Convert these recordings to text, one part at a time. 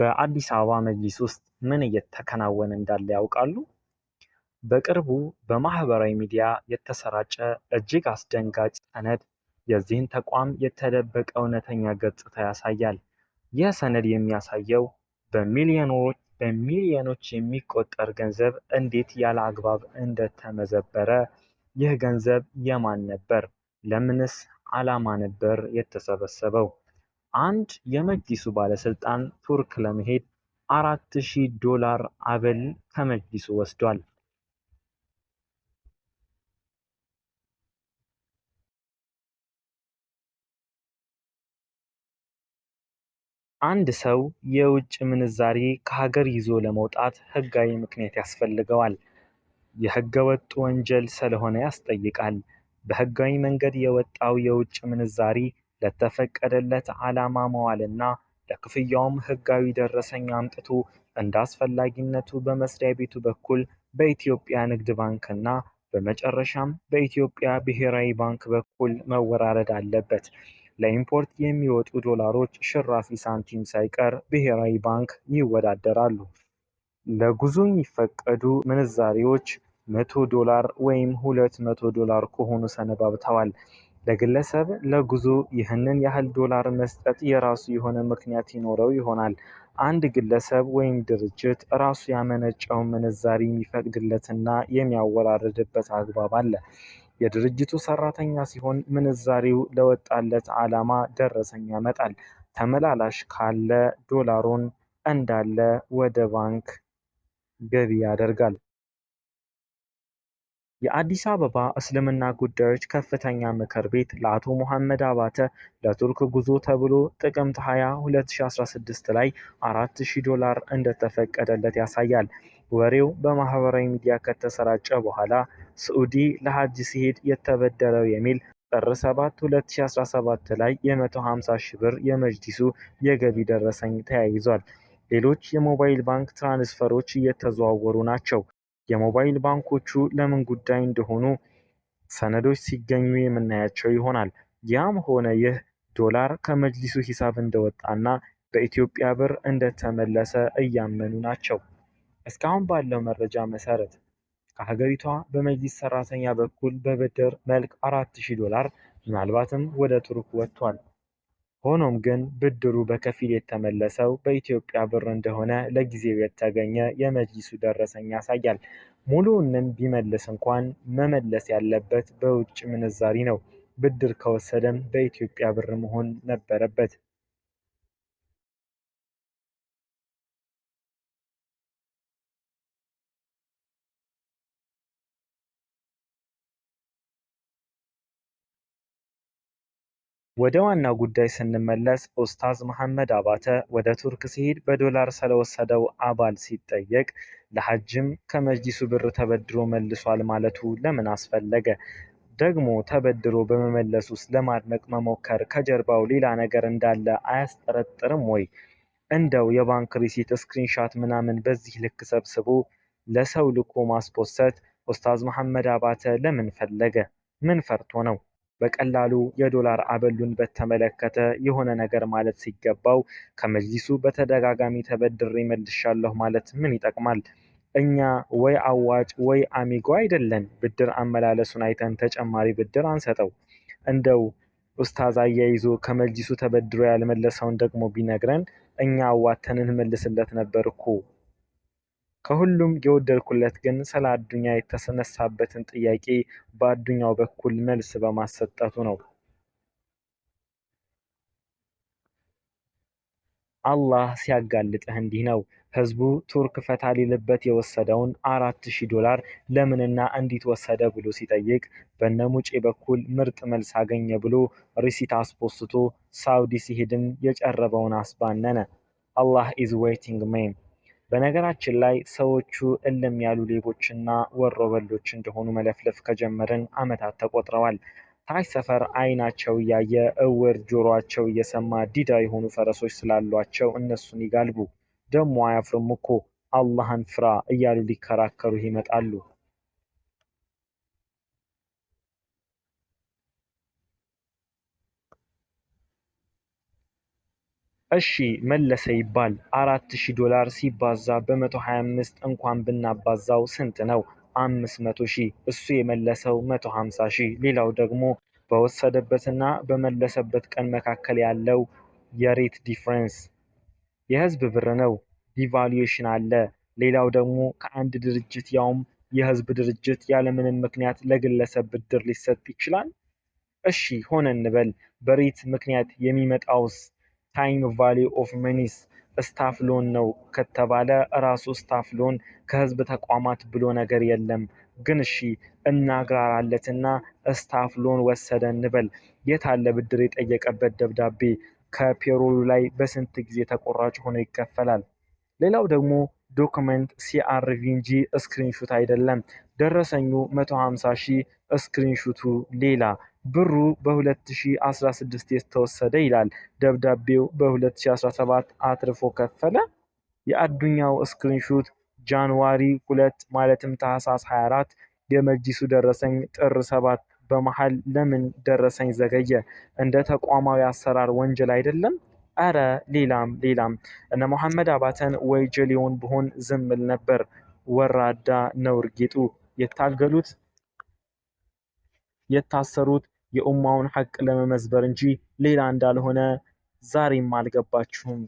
በአዲስ አበባ መጅሊስ ውስጥ ምን እየተከናወነ እንዳለ ያውቃሉ? በቅርቡ በማህበራዊ ሚዲያ የተሰራጨ እጅግ አስደንጋጭ ሰነድ የዚህን ተቋም የተደበቀ እውነተኛ ገጽታ ያሳያል። ይህ ሰነድ የሚያሳየው በሚሊዮኖች በሚሊዮኖች የሚቆጠር ገንዘብ እንዴት ያለ አግባብ እንደተመዘበረ፣ ይህ ገንዘብ የማን ነበር? ለምንስ ዓላማ ነበር የተሰበሰበው? አንድ የመጅሊሱ ባለስልጣን ቱርክ ለመሄድ አራት ሺህ ዶላር አበል ከመጅሊሱ ወስዷል። አንድ ሰው የውጭ ምንዛሬ ከሀገር ይዞ ለመውጣት ህጋዊ ምክንያት ያስፈልገዋል። የህገ ወጥ ወንጀል ስለሆነ ያስጠይቃል። በህጋዊ መንገድ የወጣው የውጭ ምንዛሪ ለተፈቀደለት ዓላማ መዋልና ለክፍያውም ህጋዊ ደረሰኝ አምጥቶ እንደ አስፈላጊነቱ በመስሪያ ቤቱ በኩል በኢትዮጵያ ንግድ ባንክና በመጨረሻም በኢትዮጵያ ብሔራዊ ባንክ በኩል መወራረድ አለበት። ለኢምፖርት የሚወጡ ዶላሮች ሽራፊ ሳንቲም ሳይቀር ብሔራዊ ባንክ ይወዳደራሉ። ለጉዞ የሚፈቀዱ ምንዛሬዎች መቶ ዶላር ወይም ሁለት መቶ ዶላር ከሆኑ ሰነባብተዋል። ለግለሰብ ለጉዞ ይህንን ያህል ዶላር መስጠት የራሱ የሆነ ምክንያት ይኖረው ይሆናል። አንድ ግለሰብ ወይም ድርጅት ራሱ ያመነጨውን ምንዛሪ የሚፈቅድለትና የሚያወራርድበት አግባብ አለ። የድርጅቱ ሰራተኛ ሲሆን ምንዛሪው ለወጣለት ዓላማ ደረሰኝ ያመጣል። ተመላላሽ ካለ ዶላሩን እንዳለ ወደ ባንክ ገቢ ያደርጋል። የአዲስ አበባ እስልምና ጉዳዮች ከፍተኛ ምክር ቤት ለአቶ ሙሐመድ አባተ ለቱርክ ጉዞ ተብሎ ጥቅምት 20 2016 ላይ 4000 ዶላር እንደተፈቀደለት ያሳያል። ወሬው በማህበራዊ ሚዲያ ከተሰራጨ በኋላ ስዑዲ ለሐጅ ሲሄድ የተበደረው የሚል ጥር 7 2017 ላይ የ150 ሺህ ብር የመጅሊሱ የገቢ ደረሰኝ ተያይዟል። ሌሎች የሞባይል ባንክ ትራንስፈሮች እየተዘዋወሩ ናቸው። የሞባይል ባንኮቹ ለምን ጉዳይ እንደሆኑ ሰነዶች ሲገኙ የምናያቸው ይሆናል። ያም ሆነ ይህ ዶላር ከመጅሊሱ ሂሳብ እንደወጣና በኢትዮጵያ ብር እንደተመለሰ እያመኑ ናቸው። እስካሁን ባለው መረጃ መሰረት ከሀገሪቷ በመጅሊስ ሰራተኛ በኩል በብድር መልክ አራት ዶላር ምናልባትም ወደ ቱርክ ወጥቷል። ሆኖም ግን ብድሩ በከፊል የተመለሰው በኢትዮጵያ ብር እንደሆነ ለጊዜው የተገኘ የመጅሊሱ ደረሰኝ ያሳያል። ሙሉውንም ቢመልስ እንኳን መመለስ ያለበት በውጭ ምንዛሪ ነው። ብድር ከወሰደም በኢትዮጵያ ብር መሆን ነበረበት። ወደ ዋናው ጉዳይ ስንመለስ ኡስታዝ መሐመድ አባተ ወደ ቱርክ ሲሄድ በዶላር ስለወሰደው አባል ሲጠየቅ ለሐጅም ከመጅሊሱ ብር ተበድሮ መልሷል ማለቱ ለምን አስፈለገ? ደግሞ ተበድሮ በመመለስ ውስጥ ለማድነቅ መሞከር ከጀርባው ሌላ ነገር እንዳለ አያስጠረጥርም ወይ? እንደው የባንክ ሪሲት ስክሪንሻት ምናምን በዚህ ልክ ሰብስቦ ለሰው ልኮ ማስፖሰት ኡስታዝ መሐመድ አባተ ለምን ፈለገ? ምን ፈርቶ ነው? በቀላሉ የዶላር አበሉን በተመለከተ የሆነ ነገር ማለት ሲገባው ከመጅሊሱ በተደጋጋሚ ተበድሬ መልሻለሁ ማለት ምን ይጠቅማል? እኛ ወይ አዋጭ ወይ አሚጎ አይደለን። ብድር አመላለሱን አይተን ተጨማሪ ብድር አንሰጠው። እንደው ኡስታዝ አያይዞ ከመጅሊሱ ተበድሮ ያልመለሰውን ደግሞ ቢነግረን እኛ አዋተን እንመልስለት ነበር እኮ። ከሁሉም የወደድኩለት ግን ስለ አዱኛ የተነሳበትን ጥያቄ በአዱኛው በኩል መልስ በማሰጠቱ ነው። አላህ ሲያጋልጥህ እንዲህ ነው። ህዝቡ ቱርክ ፈታ ሊልበት የወሰደውን አራት ሺህ ዶላር ለምንና እንዴት ወሰደ ብሎ ሲጠይቅ በነሙጬ በኩል ምርጥ መልስ አገኘ ብሎ ሪሲት አስፖስቶ ሳውዲ ሲሄድም የጨረበውን አስባነነ። አላህ ኢዝ ዌይቲንግ ሜም በነገራችን ላይ ሰዎቹ እልም ያሉ ሌቦችና ወሮበሎች እንደሆኑ መለፍለፍ ከጀመርን ዓመታት ተቆጥረዋል። ታች ሰፈር አይናቸው እያየ እውር ጆሮአቸው እየሰማ ዲዳ የሆኑ ፈረሶች ስላሏቸው እነሱን ይጋልቡ፣ ደሞ አያፍርም እኮ አላህን ፍራ እያሉ ሊከራከሩ ይመጣሉ። እሺ መለሰ ይባል 4000 ዶላር ሲባዛ በ125 እንኳን ብናባዛው ስንት ነው? 500 ሺህ። እሱ የመለሰው 150 ሺህ። ሌላው ደግሞ በወሰደበትና በመለሰበት ቀን መካከል ያለው የሬት ዲፍረንስ የህዝብ ብር ነው። ዲቫሉዌሽን አለ። ሌላው ደግሞ ከአንድ ድርጅት ያውም የህዝብ ድርጅት ያለምንም ምክንያት ለግለሰብ ብድር ሊሰጥ ይችላል? እሺ ሆነ እንበል በሬት ምክንያት የሚመጣውስ ታይም ቫሊ ኦፍ መኒስ ስታፍ ሎን ነው ከተባለ ራሱ ስታፍ ሎን ከህዝብ ተቋማት ብሎ ነገር የለም። ግን እሺ እናግራራለትና ስታፍ ሎን ወሰደ እንበል። የት አለ ብድር የጠየቀበት ደብዳቤ? ከፔሮሉ ላይ በስንት ጊዜ ተቆራጭ ሆኖ ይከፈላል? ሌላው ደግሞ ዶክመንት ሲአርቪ እንጂ ስክሪንሹት አይደለም። ደረሰኙ 150 ሺህ፣ ስክሪንሹቱ ሌላ ብሩ በ2016 የተወሰደ ይላል። ደብዳቤው በ2017 አትርፎ ከፈለ። የአዱኛው ስክሪንሹት ጃንዋሪ 2 ማለትም ታህሳስ 24 የመጅሱ ደረሰኝ ጥር 7 በመሃል ለምን ደረሰኝ ዘገየ? እንደ ተቋማዊ አሰራር ወንጀል አይደለም? አረ ሌላም ሌላም። እነ መሐመድ አባተን ወይ ጀሌውን ብሆን ዝምል ነበር። ወራዳ ነውር ጌጡ የታገሉት የታሰሩት የኡማውን ሐቅ ለመመዝበር እንጂ ሌላ እንዳልሆነ ዛሬም አልገባችሁም።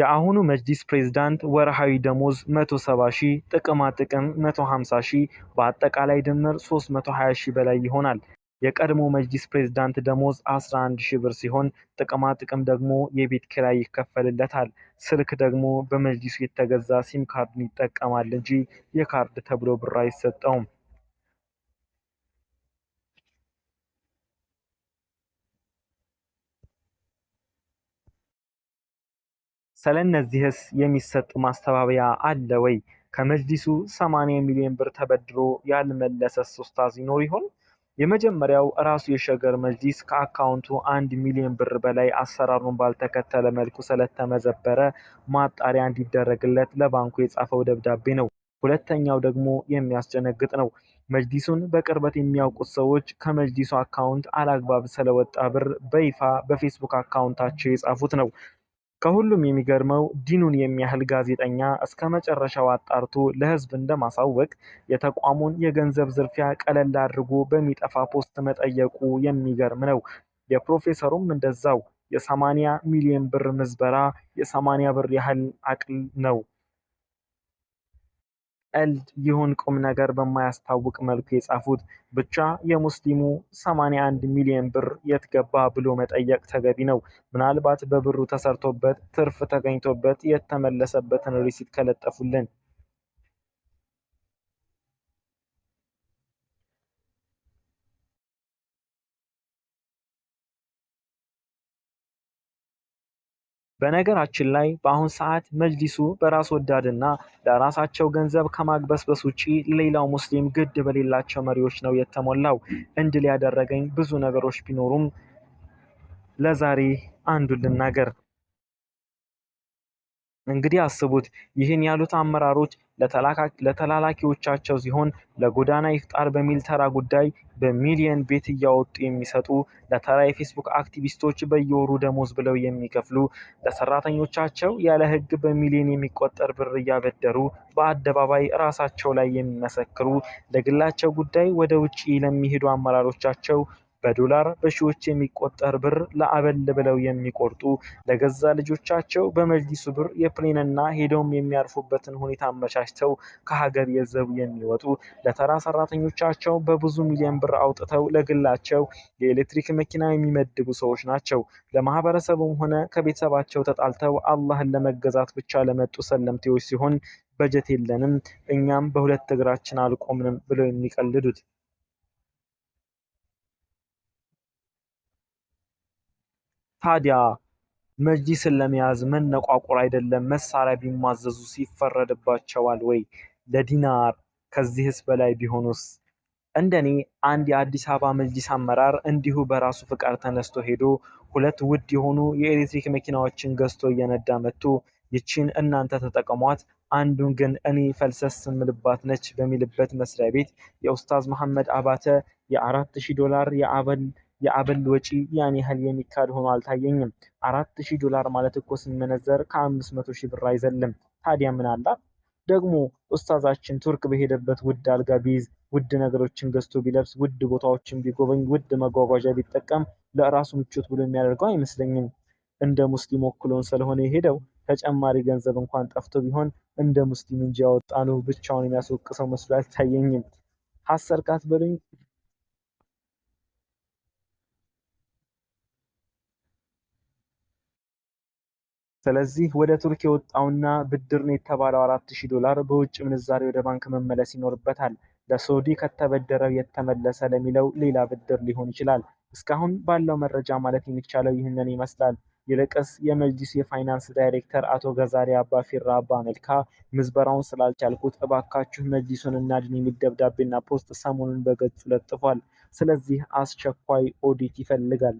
የአሁኑ መጅሊስ ፕሬዝዳንት ወርሃዊ ደሞዝ 170 ሺህ፣ ጥቅማ ጥቅም 150 ሺህ፣ በአጠቃላይ ድምር 320 ሺህ በላይ ይሆናል። የቀድሞ መጅሊስ ፕሬዝዳንት ደሞዝ 11 ሺህ ብር ሲሆን ጥቅማ ጥቅም ደግሞ የቤት ኪራይ ይከፈልለታል። ስልክ ደግሞ በመጅሊሱ የተገዛ ሲም ካርድን ይጠቀማል እንጂ የካርድ ተብሎ ብር አይሰጠውም። ስለነዚህስ የሚሰጥ ማስተባበያ አለ ወይ? ከመጅሊሱ 80 ሚሊዮን ብር ተበድሮ ያልመለሰ ኡስታዝ ይኖር ይሆን? የመጀመሪያው ራሱ የሸገር መጅሊስ ከአካውንቱ አንድ ሚሊዮን ብር በላይ አሰራሩን ባልተከተለ መልኩ ስለተመዘበረ ማጣሪያ እንዲደረግለት ለባንኩ የጻፈው ደብዳቤ ነው። ሁለተኛው ደግሞ የሚያስደነግጥ ነው። መጅሊሱን በቅርበት የሚያውቁት ሰዎች ከመጅሊሱ አካውንት አላግባብ ስለወጣ ብር በይፋ በፌስቡክ አካውንታቸው የጻፉት ነው። ከሁሉም የሚገርመው ዲኑን የሚያህል ጋዜጠኛ እስከ መጨረሻው አጣርቶ ለህዝብ እንደማሳወቅ የተቋሙን የገንዘብ ዝርፊያ ቀለል አድርጎ በሚጠፋ ፖስት መጠየቁ የሚገርም ነው። የፕሮፌሰሩም እንደዛው የ የ80 ሚሊዮን ብር ምዝበራ የ80 ብር ያህል አቅል ነው። ቀልድ ይሁን ቁም ነገር በማያስታውቅ መልኩ የጻፉት ብቻ የሙስሊሙ 81 ሚሊዮን ብር የት ገባ ብሎ መጠየቅ ተገቢ ነው። ምናልባት በብሩ ተሰርቶበት ትርፍ ተገኝቶበት የተመለሰበትን ሪሲት ከለጠፉልን በነገራችን ላይ በአሁን ሰዓት መጅሊሱ በራስ ወዳድና ለራሳቸው ገንዘብ ከማግበስበስ ውጪ ሌላው ሙስሊም ግድ በሌላቸው መሪዎች ነው የተሞላው። እንድል ያደረገኝ ብዙ ነገሮች ቢኖሩም ለዛሬ አንዱን ልናገር። እንግዲህ አስቡት ይህን ያሉት አመራሮች ለተላላኪዎቻቸው ሲሆን ለጎዳና ይፍጣር በሚል ተራ ጉዳይ በሚሊየን ቤት እያወጡ የሚሰጡ ለተራ የፌስቡክ አክቲቪስቶች በየወሩ ደሞዝ ብለው የሚከፍሉ ለሰራተኞቻቸው ያለ ሕግ በሚሊዮን የሚቆጠር ብር እያበደሩ በአደባባይ ራሳቸው ላይ የሚመሰክሩ ለግላቸው ጉዳይ ወደ ውጭ ለሚሄዱ አመራሮቻቸው በዶላር በሺዎች የሚቆጠር ብር ለአበል ብለው የሚቆርጡ ለገዛ ልጆቻቸው በመጅሊሱ ብር የፕሌንና ሄደውም የሚያርፉበትን ሁኔታ አመቻችተው ከሀገር የዘቡ የሚወጡ ለተራ ሰራተኞቻቸው በብዙ ሚሊዮን ብር አውጥተው ለግላቸው የኤሌክትሪክ መኪና የሚመድቡ ሰዎች ናቸው። ለማህበረሰቡም ሆነ ከቤተሰባቸው ተጣልተው አላህን ለመገዛት ብቻ ለመጡ ሰለምቴዎች ሲሆን በጀት የለንም እኛም በሁለት እግራችን አልቆምንም ብለው የሚቀልዱት ታዲያ መጅሊስን ለመያዝ መነቋቁር አይደለም መሳሪያ ቢማዘዙ ይፈረድባቸዋል ወይ? ለዲናር ከዚህስ በላይ ቢሆኑስ? እንደኔ አንድ የአዲስ አበባ መጅሊስ አመራር እንዲሁ በራሱ ፍቃድ ተነስቶ ሄዶ ሁለት ውድ የሆኑ የኤሌክትሪክ መኪናዎችን ገዝቶ እየነዳ መጥቶ ይችን እናንተ ተጠቀሟት አንዱን ግን እኔ ፈልሰስ ምልባት ነች በሚልበት መስሪያ ቤት የኡስታዝ መሐመድ አባተ የአራት ሺህ ዶላር የአበል የአበል ወጪ ያን ያህል የሚካድ ሆኖ አልታየኝም። አራት ሺህ ዶላር ማለት እኮ ስንመነዘር ከአምስት መቶ ሺህ ብር አይዘልም። ታዲያ ምን አላ ደግሞ ኡስታዛችን ቱርክ በሄደበት ውድ አልጋ ቢይዝ፣ ውድ ነገሮችን ገዝቶ ቢለብስ፣ ውድ ቦታዎችን ቢጎበኝ፣ ውድ መጓጓዣ ቢጠቀም ለራሱ ምቾት ብሎ የሚያደርገው አይመስለኝም። እንደ ሙስሊም ወክሎን ስለሆነ የሄደው ተጨማሪ ገንዘብ እንኳን ጠፍቶ ቢሆን እንደ ሙስሊም እንጂ ያወጣ ነው ብቻውን የሚያስወቅሰው መስሎ አይታየኝም። ሀሰርካት በሉኝ ስለዚህ ወደ ቱርክ የወጣውና ብድር ነው የተባለው አራት ሺህ ዶላር በውጭ ምንዛሬ ወደ ባንክ መመለስ ይኖርበታል። ለሳውዲ ከተበደረው የተመለሰ ለሚለው ሌላ ብድር ሊሆን ይችላል። እስካሁን ባለው መረጃ ማለት የሚቻለው ይህንን ይመስላል። ይልቅስ የመጅሊሱ የፋይናንስ ዳይሬክተር አቶ ገዛሪ አባ ፊራ አባ መልካ ምዝበራውን ስላልቻልኩት እባካችሁ መጅሊሱን እናድን የሚል ደብዳቤና ፖስት ሰሞኑን በገጹ ለጥፏል። ስለዚህ አስቸኳይ ኦዲት ይፈልጋል።